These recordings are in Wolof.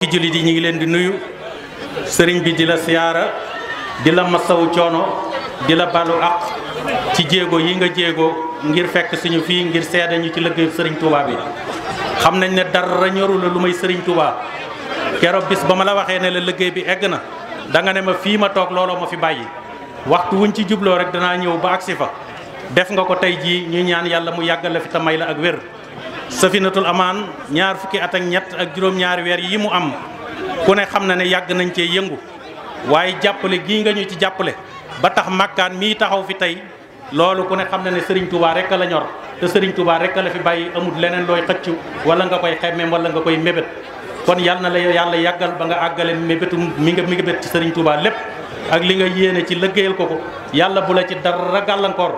mbokki jullit yi ñu ngi leen di nuyu sëriñ bi di la siyaara di la masawu coono di la balu ak ci jéego yi nga jéego ngir fekk suñu fii ngir seede ñu ci liggéeyu sëriñ Touba yi xam nañ ne dara ñoru la lu may sëriñ Touba keroog bis ba ma la waxee ne la liggéey bi egg na danga nga ne ma fii ma toog looloo ma fi bàyyi waxtu wuñ ci jubloo rek danaa ñëw ba agsi fa def nga ko tey jii ñu ñaan yàlla mu yàggal la fi te may la ak wér safinatul amaan ñaar fukki at ak ñett ak juróom-ñaari weer yi mu am ku ne xam na ne yàgg nañ cee yëngu waaye jàppale gii nga ñu ci jàppale ba tax màkkaan mii taxaw fi tey loolu ku ne xam na ne Serigne Touba rek la ñor te Serigne Touba rek la fi bàyyi amul leneen looy xëccu wala nga koy xemmeem wala nga koy mébét kon yal na la yàlla yàggal ba nga àggale mébétu mi nga mi mébét ci sëriñ Touba lépp ak li nga yéene ci lëggéeyal ko ko yàlla bu la ci dara gàllankoor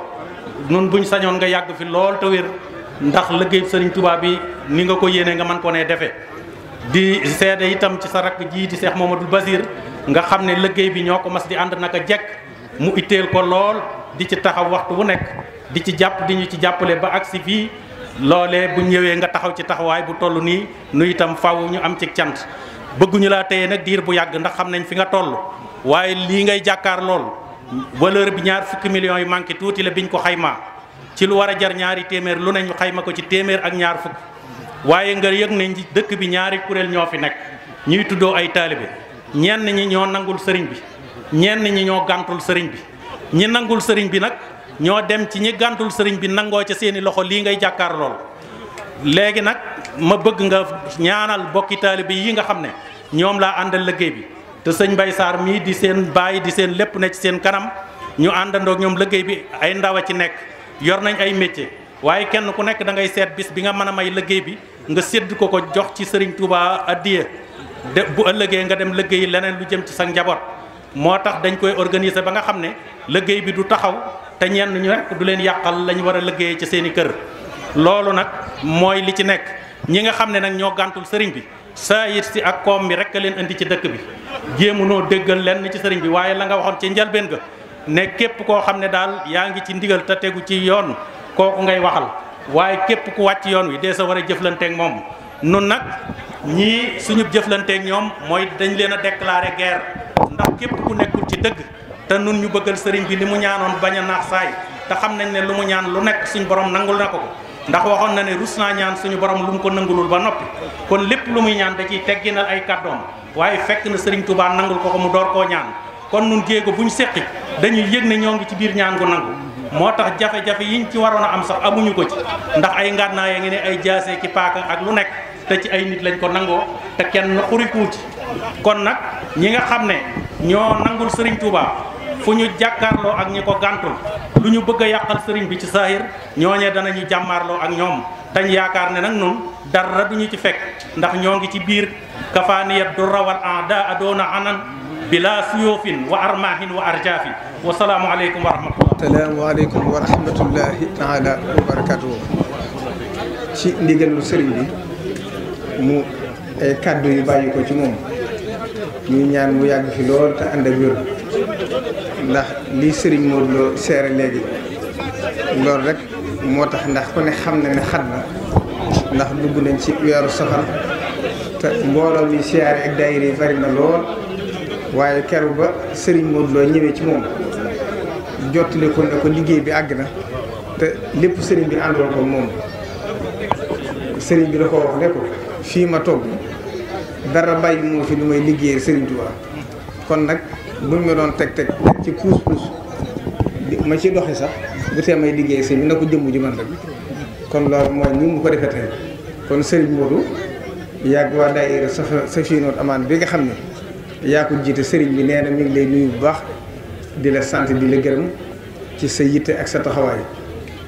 ndax liggéey sëriñ tubaab bi ni nga ko yéene nga man ko nee defe di seede itam ci sa rakk jii di Seex Mamadou Basir nga xam ne liggéey bi ñoo ko mas di ànd naka jekk mu itteel ko lool di ci taxaw waxtu wu nekk di ci jàpp di ñu ci jàppale ba agsi fii loolee bu ñëwee nga taxaw ci taxawaay bu toll nii nu itam faw ñu am ci cant bëgguñu laa téye nag diir bu yàgg ndax xam nañ fi nga toll waaye lii ngay jàkkaar lool valeur bi ñaar fukki millions yu manqué tuuti la biñ ko xaymaa ci lu war a jar ñaari téeméer lu ne ñu xayma ko ci téeméer ak ñaar fukk waaye nga yëg ne dëkk bi ñaari kuréel ñoo fi nekk ñuy tuddoo ay taalibe ñenn ñi ñoo nangul sëriñ bi ñenn ñi ñoo gàntul sëriñ bi ñi nangul sëriñ bi nag ñoo dem ci ñi gàntul sëriñ bi nangoo ca seeni loxo lii ngay jàkkaar lool léegi nag ma bëgg nga ñaanal bokki taalibe yi nga xam ne ñoom laa àndal liggéey bi te sëñ bay saar mii di seen bàyyi di seen lépp na ci seen kanam ñu àndandoog ñoom liggéey bi ay ndaw a ci nekk yor nañ ay métier waaye kenn ku nekk da ngay seet bis bi nga mën a may liggéey bi nga sédd ko ko jox ci Serigne Touba addiya de bu ëllëgee nga dem liggéey leneen lu jëm ci sa njaboot moo tax dañ koy organiser ba nga xam ne liggéey bi du taxaw te ñenn ñu rek du leen yàqal lañ war a liggéeyee ci seen i kër loolu nag mooy li ci nekk ñi nga xam ne nag ñoo gàntul sëriñ bi saa yit si ak koom bi rek a leen indi ci dëkk bi jéemu noo déggal lenn ci sëriñ bi waaye la nga waxoon ci njëlbeen ga ne képp koo xam ne daal yaa ngi ci ndigal te tegu ci yoon kooku ngay waxal waaye képp ku wàcc yoon wi dee sa war a jëflanteeg moom nun nag ñii suñu jëflanteeg ñoom mooy dañ leen a déclarer guerre ndax képp ku nekkul ci dëgg te nun ñu bëggal sëriñ bi li mu ñaanoon bañ a naax saay te xam nañ ne lu mu ñaan lu nekk suñu borom nangul na ko ko ndax waxoon na ne rus naa ñaan suñu borom lu mu ko nangulul ba noppi kon lépp lu muy ñaan da ciy tegginal ay kàddoom waaye fekk na sëriñ Touba nangul ko ko mu door koo ñaan kon nun jéego buñ seqi dañuy yëg ne ñoo ngi ci biir ñaan gu nangu moo tax jafe-jafe yiñ ci waroon a am sax amuñu ko ci ndax ay ngànnaay ya ngi ne ay jaasee ki paaka ak lu nekk te ci ay nit lañ ko nangoo te kenn xurikuu ci kon nag ñi nga xam ne ñoo nangul sëriñ Touba fu ñu jàkkaarloo ak ñi ko gàntul lu ñu bëgg a yàqal sëriñ bi ci saahir ñooñe danañu jàmmaarloo ak ñoom dañ yaakaar ne nag nun dara du ñu ci fekk ndax ñoo ngi ci biir kafaaniyat du rawal en da adoona anan bila suyufin wa armahin wa arjafin wa salaamu aleykum wa rahmatullah salaamu wa rahmatullahi ci ndigalu sëriñ bi mu ay e, kàddu yu bàyyi ko ci moom ñuy ñaan mu yàgg fi lool te ànd wér ndax lii sëriñ Modou seere léegi loolu rek moo tax ndax ko ne xam na ne xat na ndax dugg nañ ci weeru safar te mbooloo mi siyaare ak daayira yi bari na lool waaye kero ba sëriñ Modou Lo ñëwee ci moom jottali ko ne ko liggéey bi àgg na te lépp Serigne bi àndoon ko moom Serigne bi da ko wax ne ko fii ma toog dara bàyyi moo fi lu may liggéeyee Serigne Touba kon nag buñ ma doon teg teg ci puus puus ma ci doxi sax bu tee may liggéey sëñ bi na ko jëmm ji man rek kon loolu mooy ni mu ko defee tey kon Serigne Modou yàgg waa daayira sa sa fii noonu amaan bi nga xam ne yaa ko jiite sëriñ bi nee na mi ngi lay nuyu bu baax di la sant di la gërëm ci sa yitte ak sa taxawaay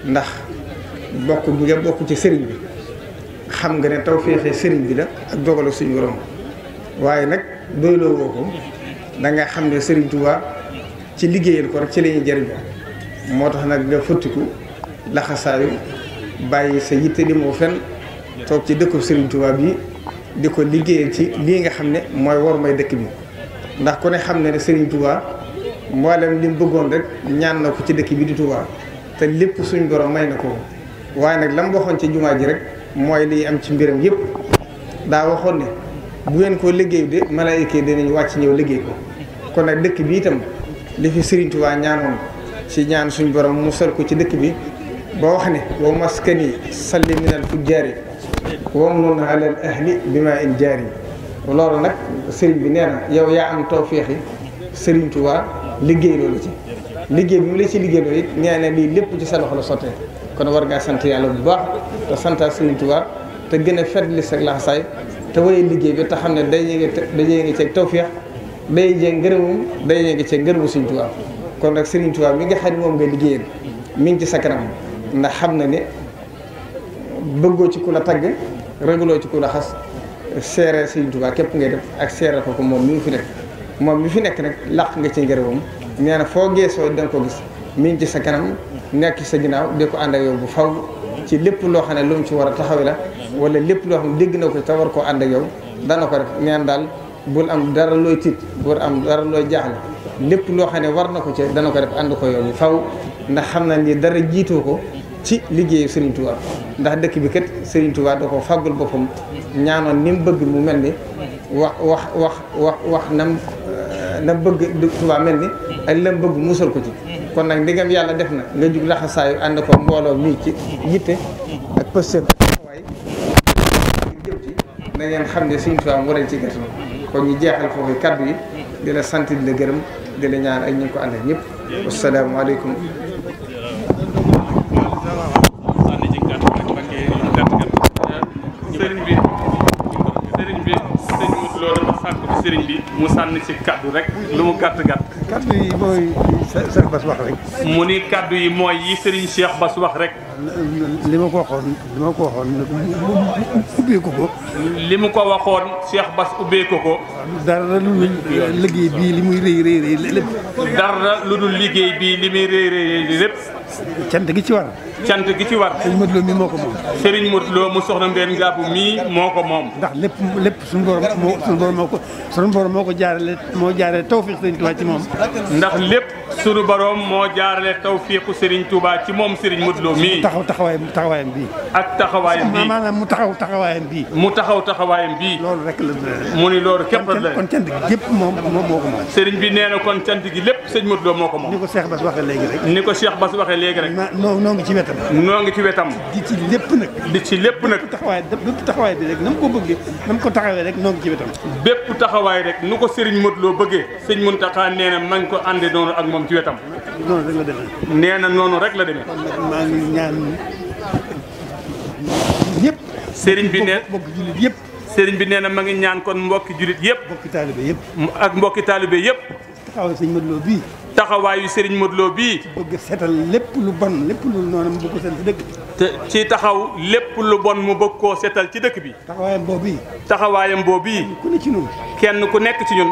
ndax bokk bi nga bokk ci sëriñ bi xam nga ne tawféexee sëriñ bi la ak dogalu suñu borom waaye nag doyloo woo ko da nga xam ne sëriñ Tuubaa ci liggéeyal ko rek ci lañuy jariñ moo tax nag nga fëttiku laxasaayu bàyyi sa yitte di moo fenn toog ci dëkku sëriñ Tuubaa bi di ko liggéeyal ci lii nga xam ne mooy war may dëkk bi ndax ku ne xam ne ne sëriñ Touba mboolem li mu bëggoon rek ñaan na ko ci dëkk bi di Touba te lépp suñu borom may na ko waaye nag lam mu waxoon ci jumaa ji rek mooy lii am ci mbiram yëpp daa waxoon ne bu ngeen ko liggéey de malaayika yi dinañ wàcc ñëw liggéey ko kon nag dëkk bi itam li fi Serigne Touba ñaanoon ci ñaan suñu borom mu sol ko ci dëkk bi ba wax ne wa maskani salli minal fujjaari wa amnun alal ahli bima in jaari loolu nag sëriñ bi nee na yow yaa am tawféexi sëriñ Tuubaa liggéey loolu ci liggéey bi mu la ci liggéey loolu it nee na lii lépp ci sa loxo la sotte kon war ngaa sant yàlla bu baax te santaa sëriñ Tuubaa te gën a fetli sa laxasaay te wéyee liggéey bi te xam ne day yëngi day ngi ceeg tawféex day jee ngërëmum day yëngi ceeg ngërëmu sëriñ Tuubaa kon nag sëriñ Tuubaa mi nga xam ne moom nga liggéeyal mi ngi ci sa kanam ndax xam na ne bëggoo ci ku la tagg rëguloo ku la xas seere Sëriñ Tuubaa képp ngay def ak seere ko ko moom mu ngi fi nekk moom mi fi nekk nag làkk nga ci ngërëmam nee foo geesoo da nga ko gis mi ngi ci sa kanam nekk sa ginnaaw de ko ànd ak yow bu faw ci lépp loo xam ne lu mu ci war a taxawe la wala lépp loo xam ne dégg na ko te koo ànd ak ko def neen daal bul am dara looy tiit bul am dara looy jaaxle lépp loo xam ne war na ko ci dana ko def ànd ko yow bu faw ndax xam na ni dara jiitoo ko ci liggéeyu Sëriñ Tuubaa ndax dëkk bi kat Serigne Touba da ko fàggul boppam ñaanoon ni bëgg mu mel ni wax wax wax wax wax na euh, nam bëgg Touba mel ni ak lam bëgg musal ko ci kon nag ndigam yàlla def na nga jug laxasaayu ànd ko mbooloo mii ci yitte ak pëstéef waaye jëm ci na xam ne Serigne Touba mu ci gerte kon ñu jeexal foofu kaddu yi di la sant di la gërëm di la ñaan ak ñu ko ànd ak ñëpp asalaamaaleykum sëriñ bi mu sànni ci kaddu rek lu mu gàtt gàtt. kaddu yi mooy Cheikh Bass wax rek. mu ni kaddu yi mooy yi sëriñ Cheikh wax rek. li ma ko waxoon li ko li mu ko waxoon Cheikh Bass ubbee ko ko. dara lu dul liggéey bii li muy rëy rëy lépp. dara lu dul liggéey bii li muy rëy rëy lépp. cant ci war. cant gi ci war. Serigne Modou mii moo ko moom. Serigne Modou Lo mu soxna Mbène Ngabou mii moo ko moom. ndax lépp lépp suñu borom moo moo ko suñu borom moo ko jaarale moo jaarale tawfiq Serigne Touba ci moom. ndax lépp suñu moo jaarale tawfiqu Serigne Touba ci moom Serigne Modou Lo mii. taxaw taxawaayam taxawaayam bii. ak taxawaayam bii maanaam mu taxaw taxawaayam bii. mu taxaw taxawaayam bii. loolu rek la mu ni loolu képp la kon cant gi gépp moom moo ko moom. Serigne bi nee kon cant gi lépp Serigne Modou Lo moo ko moom. ni ko Cheikh Bass waxee léegi rek. ni ko Cheikh Bass waxee léegi rek. noo wetam. noo ngi ci wetam. di ci lépp nag. di ci lépp nag. taxawaay bépp taxawaay bi rek na mu ko bëggee na mu ko taxawee rek noo ngi ci wetam. bépp taxawaay rek nu ko sëriñ Modou Lo bëggee sëñ Mountakha nee na mañ ko àndee noonu ak moom ci wetam. noonu rek la demee. nee na noonu rek la demee. kon maa ngi ñaan ñëpp. Serigne bi nee bokk jullit yëpp. Serigne bi nee na ma ngi ñaan kon mbokki jullit yëpp. mbokki taalibe yëpp. ak mbokki taalibe yëpp. taxawaay sëñ Modou Lo bii. taxawaayu Serigne Modou Lo bii. ci bëgg setal lépp lu bon lépp lu noonu mu bëgg setal ci dëkk bi. te ci taxaw lépp lu bon mu bëgg koo setal ci dëkk bi. taxawaayam boobu yi. taxawaayam boobu bii ku ne ci ñun. kenn ku nekk ci ñun.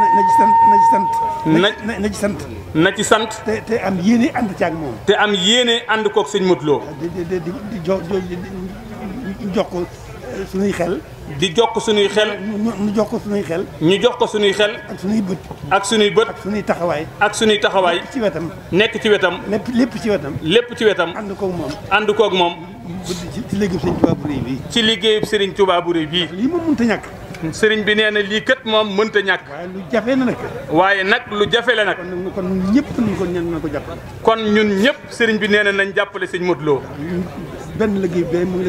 na ci sant na ci sant. na na sant. na ci sant. te te am yéene ànd ci moom. te am yéene ànd koog sëñ Modou Lo. di di di di jox ko suñuy xel. di jox ko suñuy xel. ñu jox ko suñuy xel. ñu jox ko suñuy xel. ak suñuy bët. ak suñuy bët. ak suñuy taxawaay. ak suñuy taxawaay. nekk ci wetam. nekk ci wetam. lépp lépp ci wetam. lépp ci wetam. ànd koog moom. ànd kook moom. ci liggéeyu Serigne Touba bu rëy bii. ci liggéeyu bu rëy bii. lii moom mënta ñàkk. sëriñ bi nee na lii kat moom mënta ñàkk. waaye jafe la nag. waaye nag lu jafe la nag. kon ñun ñëpp nañ ko ñan ko jàppale. kon ñun ñëpp sëriñ bi nee na nañ jàppale sëñ Modou Lo. benn liggéey bi mooy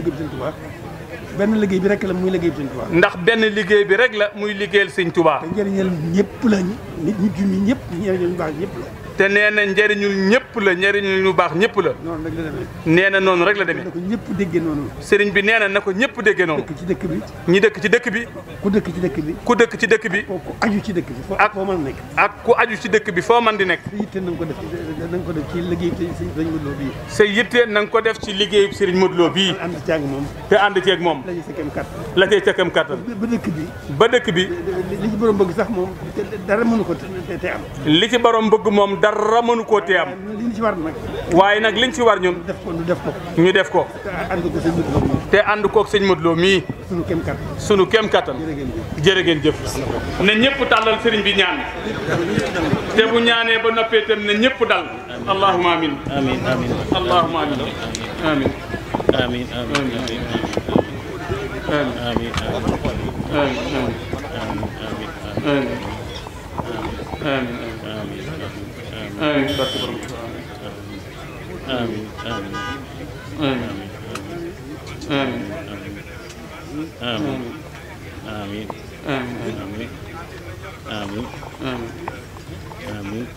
benn liggéey bi rek la muy liggéey bi sëñ Tuubaa. ndax benn liggéey bi rek la muy liggéeyal sëñ Tuubaa. te njëriñal ñëpp lañ. nit ñi junni ñëpp njëriñu ñu baax ñëpp la. te nee na njëriñul ñëpp la njëriñul ñu baax ñëpp la. noonu rek la demee. nee na noonu rek la demee. na ko ñëpp déggee noonu. sëriñ bi nee na na ko ñëpp déggee noonu. dëkk ci dëkk bi. ñi dëkk ci dëkk bi. ku dëkk ci dëkk bi. ku bi. ku aju ci dëkk bi foo mën nekk. ak ku aju ci dëkk bi foo mën di nekk. sa yitte na nga ko def na nga def ci liggéey sëriñ Modou Lo bii. sa yitte na nga ko ànd ci moom. te ànd ci moom. la ca kam kàttan. ba dëkk bi. ba dëkk bi. li ci borom bëgg sax moom dara mënu ko li ci borom bëgg moom dara mënu koo te am. li ñu ci war nag. waaye nag ñun. def ko ñu def ko. def ko. te ànd kook sëñ Modou Lo mii. sunu kem kattan sunu kem kattan. jërë ngeen jëf ne ñëpp tàllal sëriñ bi ñaan. te bu ñaanee ba noppee itam ne ñëpp dal. allahumma amin amin amiin amiin amiin barke borom amiin amiin amiin amiin amiin amiin amiin amiin amiin amiin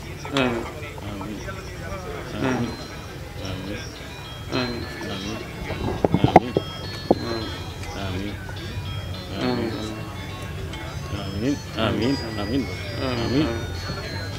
amiin amiin amiin amiin